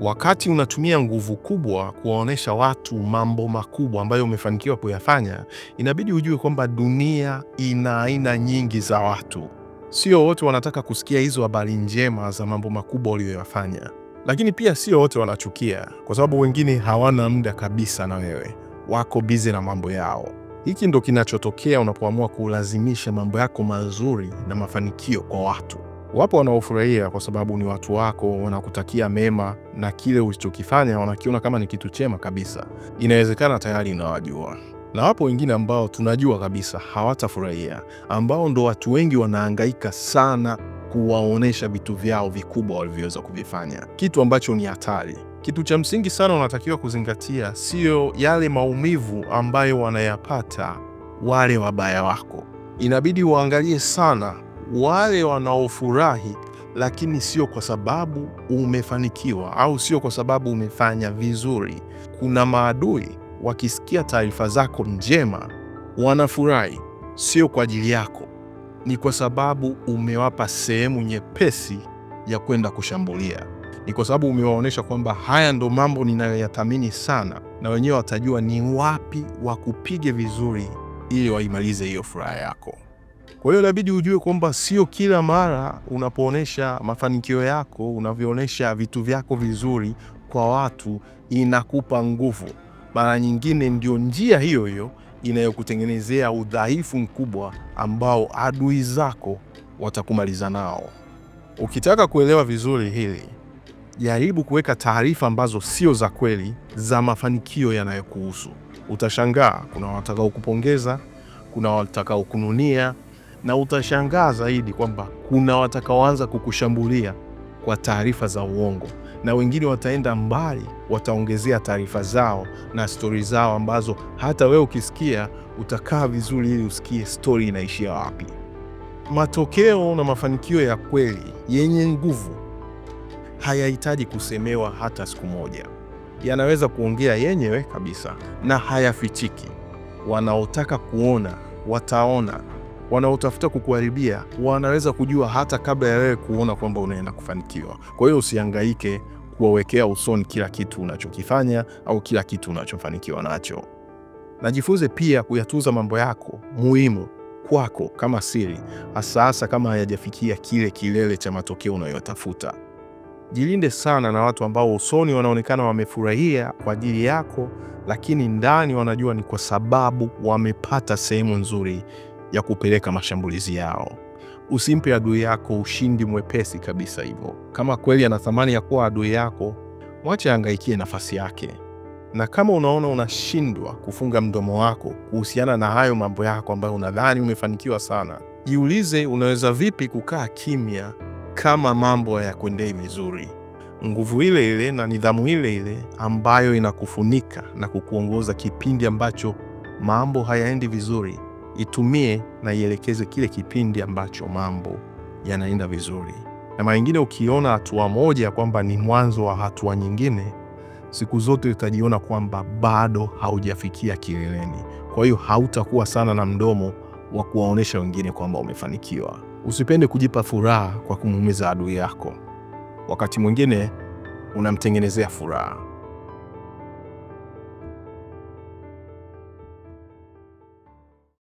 Wakati unatumia nguvu kubwa kuwaonyesha watu mambo makubwa ambayo umefanikiwa kuyafanya, inabidi ujue kwamba dunia ina aina nyingi za watu. Sio wote wanataka kusikia hizo habari njema za mambo makubwa uliyoyafanya, lakini pia sio wote wanachukia, kwa sababu wengine hawana muda kabisa na wewe, wako bize na mambo yao. Hiki ndo kinachotokea unapoamua kulazimisha mambo yako mazuri na mafanikio kwa watu. Wapo wanaofurahia kwa sababu ni watu wako, wanakutakia mema na kile ulichokifanya wanakiona kama ni kitu chema kabisa. Inawezekana tayari inawajua na wapo wengine ambao tunajua kabisa hawatafurahia, ambao ndo watu wengi wanaangaika sana kuwaonyesha vitu vyao vikubwa walivyoweza kuvifanya, kitu ambacho ni hatari. Kitu cha msingi sana unatakiwa kuzingatia siyo yale maumivu ambayo wanayapata wale wabaya wako, inabidi waangalie sana wale wanaofurahi, lakini sio kwa sababu umefanikiwa au sio kwa sababu umefanya vizuri. Kuna maadui wakisikia taarifa zako njema wanafurahi, sio kwa ajili yako, ni kwa sababu umewapa sehemu nyepesi ya kwenda kushambulia. Ni kwa sababu umewaonyesha kwamba haya ndo mambo ninayoyathamini sana, na wenyewe watajua ni wapi wakupige vizuri ili waimalize hiyo furaha yako. Kwa hiyo inabidi ujue kwamba sio kila mara unapoonesha mafanikio yako, unavyoonyesha vitu vyako vizuri kwa watu inakupa nguvu. Mara nyingine ndio njia hiyo hiyo inayokutengenezea udhaifu mkubwa ambao adui zako watakumaliza nao. Ukitaka kuelewa vizuri hili, jaribu kuweka taarifa ambazo sio za kweli za mafanikio yanayokuhusu. Utashangaa kuna watakao kupongeza, kuna watakao kununia na utashangaa zaidi kwamba kuna watakaoanza kukushambulia kwa taarifa za uongo, na wengine wataenda mbali, wataongezea taarifa zao na stori zao ambazo hata wewe ukisikia utakaa vizuri ili usikie stori inaishia wapi. Matokeo na mafanikio ya kweli yenye nguvu hayahitaji kusemewa hata siku moja, yanaweza kuongea yenyewe kabisa na hayafichiki. Wanaotaka kuona wataona wanaotafuta kukuharibia wanaweza kujua hata kabla ya wewe kuona kwamba unaenda kufanikiwa. Kwa hiyo usihangaike kuwawekea usoni kila kitu unachokifanya au kila kitu unachofanikiwa nacho. Najifunze pia kuyatunza mambo yako muhimu kwako kama siri, hasa hasa kama hayajafikia kile kilele cha matokeo unayotafuta. Jilinde sana na watu ambao usoni wanaonekana wamefurahia kwa ajili yako, lakini ndani wanajua ni kwa sababu wamepata sehemu nzuri ya kupeleka mashambulizi yao. Usimpe adui yako ushindi mwepesi kabisa hivyo. Kama kweli ana thamani ya kuwa adui yako, mwache angaikie nafasi yake. Na kama unaona unashindwa kufunga mdomo wako kuhusiana na hayo mambo yako ambayo unadhani umefanikiwa sana, jiulize, unaweza vipi kukaa kimya kama mambo hayakuendei vizuri. Nguvu ile ile na nidhamu ile ile ambayo inakufunika na kukuongoza kipindi ambacho mambo hayaendi vizuri itumie na ielekeze kile kipindi ambacho mambo yanaenda vizuri. Na mara nyingine ukiona hatua moja kwamba ni mwanzo wa hatua nyingine, siku zote utajiona kwamba bado haujafikia kileleni. Kwa hiyo hautakuwa sana na mdomo wa kuwaonyesha wengine kwamba umefanikiwa. Usipende kujipa furaha kwa kumuumiza adui yako, wakati mwingine unamtengenezea furaha.